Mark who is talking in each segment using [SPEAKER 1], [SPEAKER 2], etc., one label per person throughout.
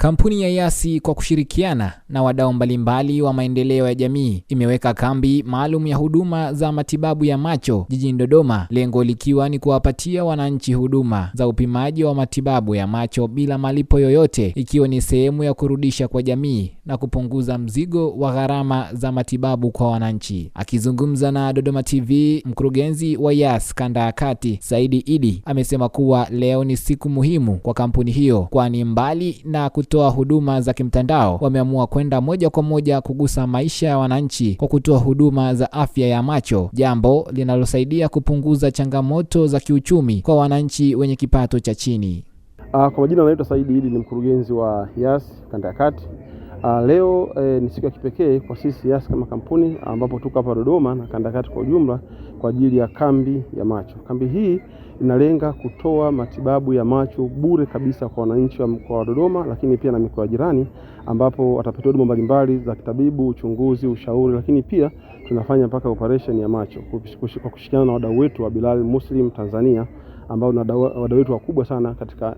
[SPEAKER 1] Kampuni ya Yasi kwa kushirikiana na wadau mbalimbali wa maendeleo ya jamii imeweka kambi maalum ya huduma za matibabu ya macho jijini Dodoma, lengo likiwa ni kuwapatia wananchi huduma za upimaji wa matibabu ya macho bila malipo yoyote, ikiwa ni sehemu ya kurudisha kwa jamii na kupunguza mzigo wa gharama za matibabu kwa wananchi. Akizungumza na Dodoma TV, mkurugenzi wa Yas kanda ya kati, Saidi Idi, amesema kuwa leo ni siku muhimu kwa kampuni hiyo, kwani mbali na kutoa huduma za kimtandao wameamua kwenda moja kwa moja kugusa maisha ya wananchi kwa kutoa huduma za afya ya macho, jambo linalosaidia kupunguza changamoto za kiuchumi kwa wananchi wenye kipato cha chini.
[SPEAKER 2] Ah, kwa majina anaitwa Saidi Idi, ni mkurugenzi wa yas kanda ya kati. Uh, leo eh, ni siku ya kipekee kwa sisi Yas kama kampuni ambapo tuko hapa Dodoma na kanda kati kwa ujumla kwa ajili ya kambi ya macho. Kambi hii inalenga kutoa matibabu ya macho bure kabisa kwa wananchi wa mkoa wa Dodoma, lakini pia na mikoa jirani, ambapo watapata huduma mbalimbali za kitabibu, uchunguzi, ushauri, lakini pia tunafanya mpaka operation ya macho kwa kushirikiana na wadau wetu wa Bilal Muslim Tanzania ambao ni wadau wetu wakubwa sana katika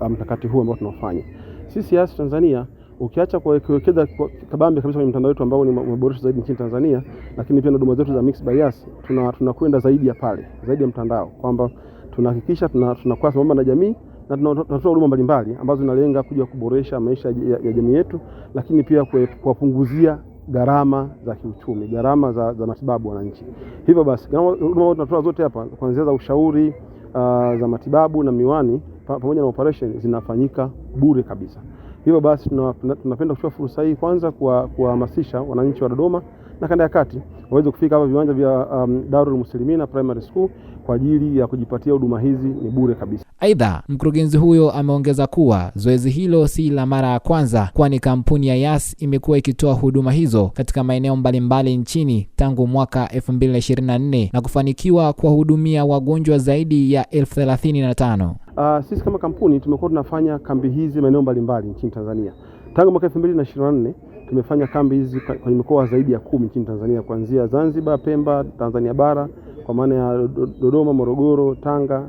[SPEAKER 2] uh, mkakati huu ambao tunaofanya sisi Yas Tanzania ukiacha kuwekeza kabambe kabisa kwenye mtandao wetu ambao ni maboresho zaidi nchini Tanzania, lakini pia na huduma zetu za Mixx bias, tuna tunakwenda zaidi ya pale, zaidi ya mtandao, kwamba tunahakikisha tunakuwa tuna sambamba na jamii na tunatoa huduma mbalimbali ambazo zinalenga kuja kuboresha maisha ya, ya jamii yetu, lakini pia kuwapunguzia gharama za kiuchumi, gharama za, za matibabu wananchi. Hivyo basi huduma tunatoa zote hapa kuanzia za ushauri uh, za matibabu na miwani pamoja na operation zinafanyika bure kabisa. Hivyo basi tunapenda kuchukua fursa hii kwanza kuwahamasisha wananchi wa Dodoma na kanda ya kati waweze kufika hapa viwanja vya um, Darul Muslimina Primary School kwa ajili ya kujipatia huduma hizi, ni bure kabisa.
[SPEAKER 1] Aidha, mkurugenzi huyo ameongeza kuwa zoezi hilo si la mara ya kwanza, kwani kampuni ya Yas imekuwa ikitoa huduma hizo katika maeneo mbalimbali nchini tangu mwaka 2024 na kufanikiwa kuwahudumia wagonjwa zaidi ya elfu thelathini na tano.
[SPEAKER 2] Uh, sisi kama kampuni tumekuwa tunafanya kambi hizi maeneo mbalimbali nchini Tanzania tangu mwaka 2024 Tumefanya kambi hizi kwenye mikoa zaidi ya kumi nchini Tanzania, kuanzia Zanzibar, Pemba, Tanzania bara kwa maana ya Dodoma, Morogoro, Tanga,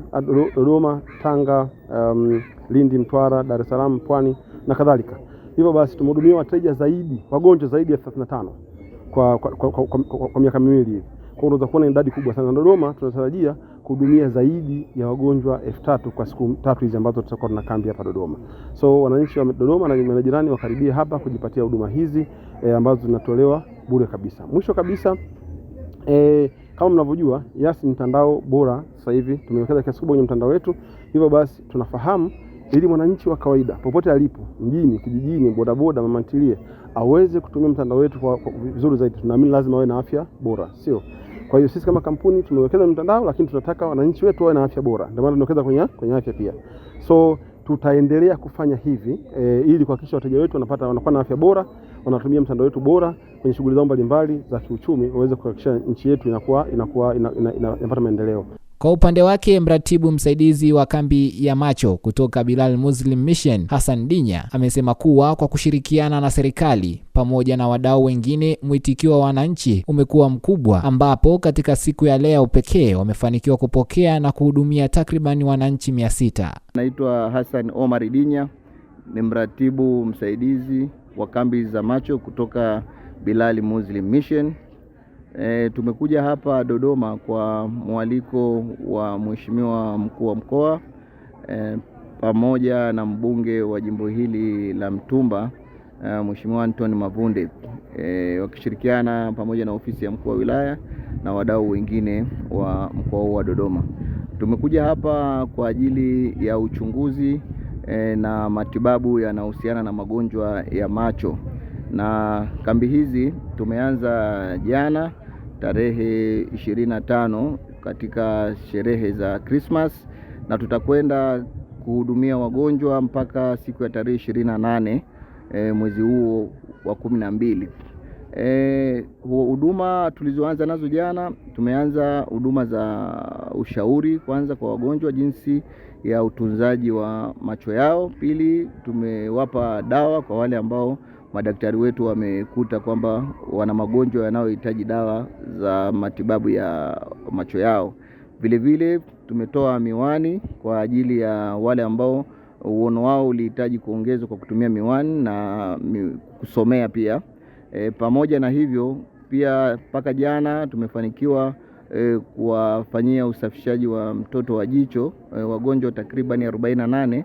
[SPEAKER 2] Dodoma, Tanga, um, Lindi, Mtwara, Dar es Salaam, Pwani na kadhalika. Hivyo basi tumehudumia wateja zaidi, wagonjwa zaidi ya 35 kwa, kwa, kwa, kwa, kwa, kwa miaka miwili hivi. Kwa unaweza kuona idadi kubwa sana. Dodoma tunatarajia kuhudumia zaidi ya wagonjwa elfu tatu kwa siku tatu hizi ambazo tutakuwa tuna kambi hapa Dodoma. So wananchi wa Dodoma na majirani wakaribie hapa kujipatia huduma hizi e, ambazo zinatolewa bure kabisa. Mwisho kabisa e, kama mnavyojua Yas ni mtandao bora sasa hivi tumewekeza kiasi kubwa kwenye mtandao wetu, hivyo basi tunafahamu ili mwananchi wa kawaida popote alipo, mjini, kijijini, bodaboda, mama ntilie aweze kutumia mtandao wetu kwa vizuri zaidi, tunaamini lazima awe na afya bora, sio? Kwa hiyo sisi kama kampuni tumewekeza mtandao, lakini tunataka wananchi wetu wawe na afya bora, ndio maana tunawekeza kwenye, kwenye afya pia. So tutaendelea kufanya hivi e, ili kuhakikisha wateja wetu wanapata wanakuwa na afya bora, wanatumia mtandao wetu bora kwenye shughuli zao mbalimbali za kiuchumi, waweze kuhakikisha nchi yetu inakuwa inakuwa inapata maendeleo.
[SPEAKER 1] Kwa upande wake, mratibu msaidizi wa kambi ya macho kutoka Bilal Muslim Mission Hassan Dinya amesema kuwa kwa kushirikiana na serikali pamoja na wadau wengine, mwitikio wa wananchi umekuwa mkubwa, ambapo katika siku ya leo pekee wamefanikiwa kupokea na kuhudumia takribani wananchi mia sita.
[SPEAKER 3] Naitwa Hassan Omar Dinya, ni mratibu msaidizi wa kambi za macho kutoka Bilal Muslim Mission. E, tumekuja hapa Dodoma kwa mwaliko wa Mheshimiwa Mkuu wa Mkoa e, pamoja na mbunge wa jimbo hili la Mtumba e, Mheshimiwa Anton Mavunde e, wakishirikiana pamoja na ofisi ya mkuu wa wilaya na wadau wengine wa mkoa huu wa Dodoma. Tumekuja hapa kwa ajili ya uchunguzi e, na matibabu yanayohusiana na magonjwa ya macho na kambi hizi tumeanza jana tarehe 25 katika sherehe za Krismas na tutakwenda kuhudumia wagonjwa mpaka siku ya tarehe 28 e, mwezi huo wa kumi na mbili. E, huduma tulizoanza nazo jana, tumeanza huduma za ushauri kwanza kwa wagonjwa jinsi ya utunzaji wa macho yao. Pili, tumewapa dawa kwa wale ambao madaktari wetu wamekuta kwamba wana magonjwa yanayohitaji dawa za matibabu ya macho yao. Vilevile tumetoa miwani kwa ajili ya wale ambao uono wao ulihitaji kuongezwa kwa kutumia miwani na kusomea pia. E, pamoja na hivyo pia mpaka jana tumefanikiwa e, kuwafanyia usafishaji wa mtoto wa jicho e, wagonjwa takribani 48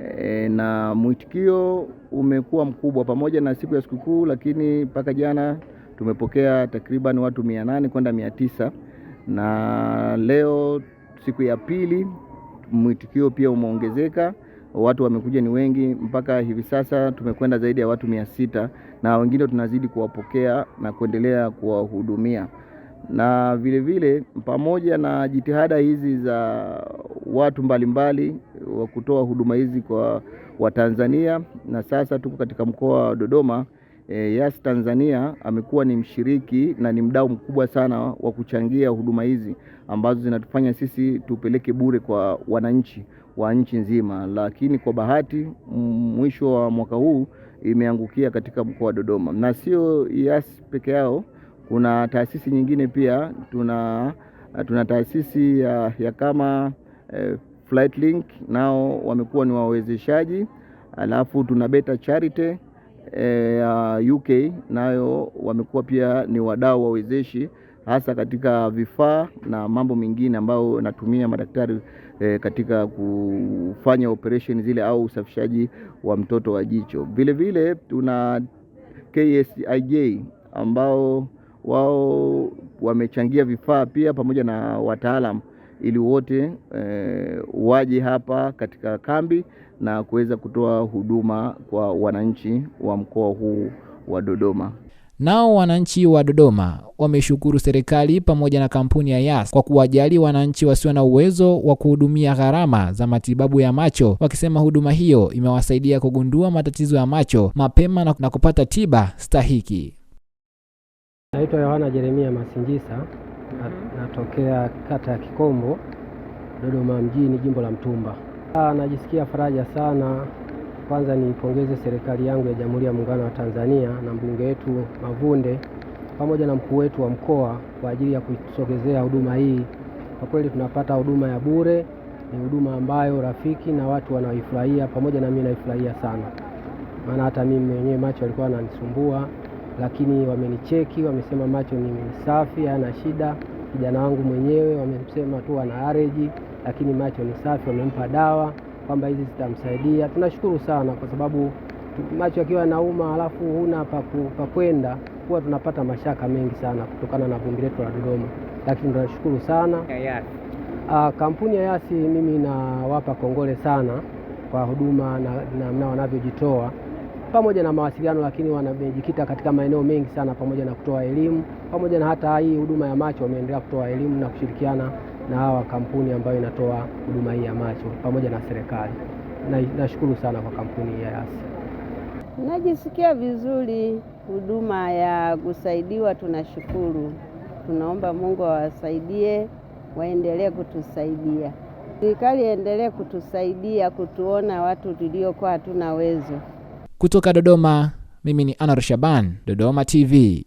[SPEAKER 3] e, na mwitikio umekuwa mkubwa pamoja na siku ya sikukuu, lakini mpaka jana tumepokea takriban watu mia nane kwenda mia tisa na leo siku ya pili mwitikio pia umeongezeka, watu wamekuja ni wengi, mpaka hivi sasa tumekwenda zaidi ya watu mia sita na wengine tunazidi kuwapokea na kuendelea kuwahudumia na vile vile pamoja na jitihada hizi za watu mbalimbali wa kutoa huduma hizi kwa Watanzania, na sasa tuko katika mkoa wa Dodoma. E, Yas Tanzania amekuwa ni mshiriki na ni mdau mkubwa sana wa kuchangia huduma hizi ambazo zinatufanya sisi tupeleke bure kwa wananchi wa nchi nzima, lakini kwa bahati mwisho wa mwaka huu imeangukia katika mkoa wa Dodoma, na sio Yas peke yao kuna taasisi nyingine pia tuna, tuna taasisi ya, ya kama eh, Link nao wamekuwa ni wawezeshaji, alafu tuna Beta Charity eh, ya eh, UK nayo wamekuwa pia ni wadau wawezeshi hasa katika vifaa na mambo mengine ambayo natumia madaktari e, katika kufanya operation zile au usafishaji wa mtoto wa jicho. Vilevile tuna KSIJ ambao wao wamechangia vifaa pia pamoja na wataalamu ili wote e, waje hapa katika kambi na kuweza kutoa huduma kwa wananchi wa mkoa huu wa Dodoma.
[SPEAKER 1] Nao wananchi wa Dodoma wameshukuru serikali pamoja na kampuni ya Yas kwa kuwajali wananchi wasio na uwezo wa kuhudumia gharama za matibabu ya macho, wakisema huduma hiyo imewasaidia kugundua matatizo ya macho mapema na kupata tiba stahiki.
[SPEAKER 4] Naitwa Yohana Jeremia Masingisa -hmm. natokea kata ya Kikombo Dodoma mjini, jimbo la Mtumba. najisikia faraja sana. Kwanza niipongeze serikali yangu ya Jamhuri ya Muungano wa Tanzania na mbunge wetu Mavunde pamoja na mkuu wetu wa mkoa kwa ajili ya kutusogezea huduma hii. Kwa kweli tunapata huduma ya bure, ni huduma ambayo rafiki na watu wanaifurahia, pamoja na mimi naifurahia sana, maana hata mimi mwenyewe macho alikuwa ananisumbua lakini wamenicheki, wamesema macho ni safi, hayana shida. Kijana wangu mwenyewe wamesema tu ana allergy, lakini macho ni safi, wamempa dawa kwamba hizi zitamsaidia. Tunashukuru sana kwa sababu macho akiwa yanauma alafu huna pa kwenda, huwa tunapata mashaka mengi sana kutokana na vumbi letu la Dodoma, lakini tunashukuru sana ah, kampuni ya Yasi. Mimi nawapa kongole sana kwa huduma na namna wanavyojitoa pamoja na mawasiliano, lakini wamejikita katika maeneo mengi sana, pamoja na kutoa elimu, pamoja na hata hii huduma ya macho. Wameendelea kutoa elimu na kushirikiana na hawa kampuni ambayo inatoa huduma hii ya macho pamoja na serikali. Nashukuru na sana kwa kampuni ya Yasi.
[SPEAKER 5] Najisikia vizuri, huduma ya kusaidiwa, tunashukuru. Tunaomba Mungu awasaidie, waendelee kutusaidia, serikali endelee kutusaidia, kutuona watu tuliokuwa hatuna uwezo.
[SPEAKER 1] Kutoka Dodoma, mimi ni anar Shaban, Dodoma TV.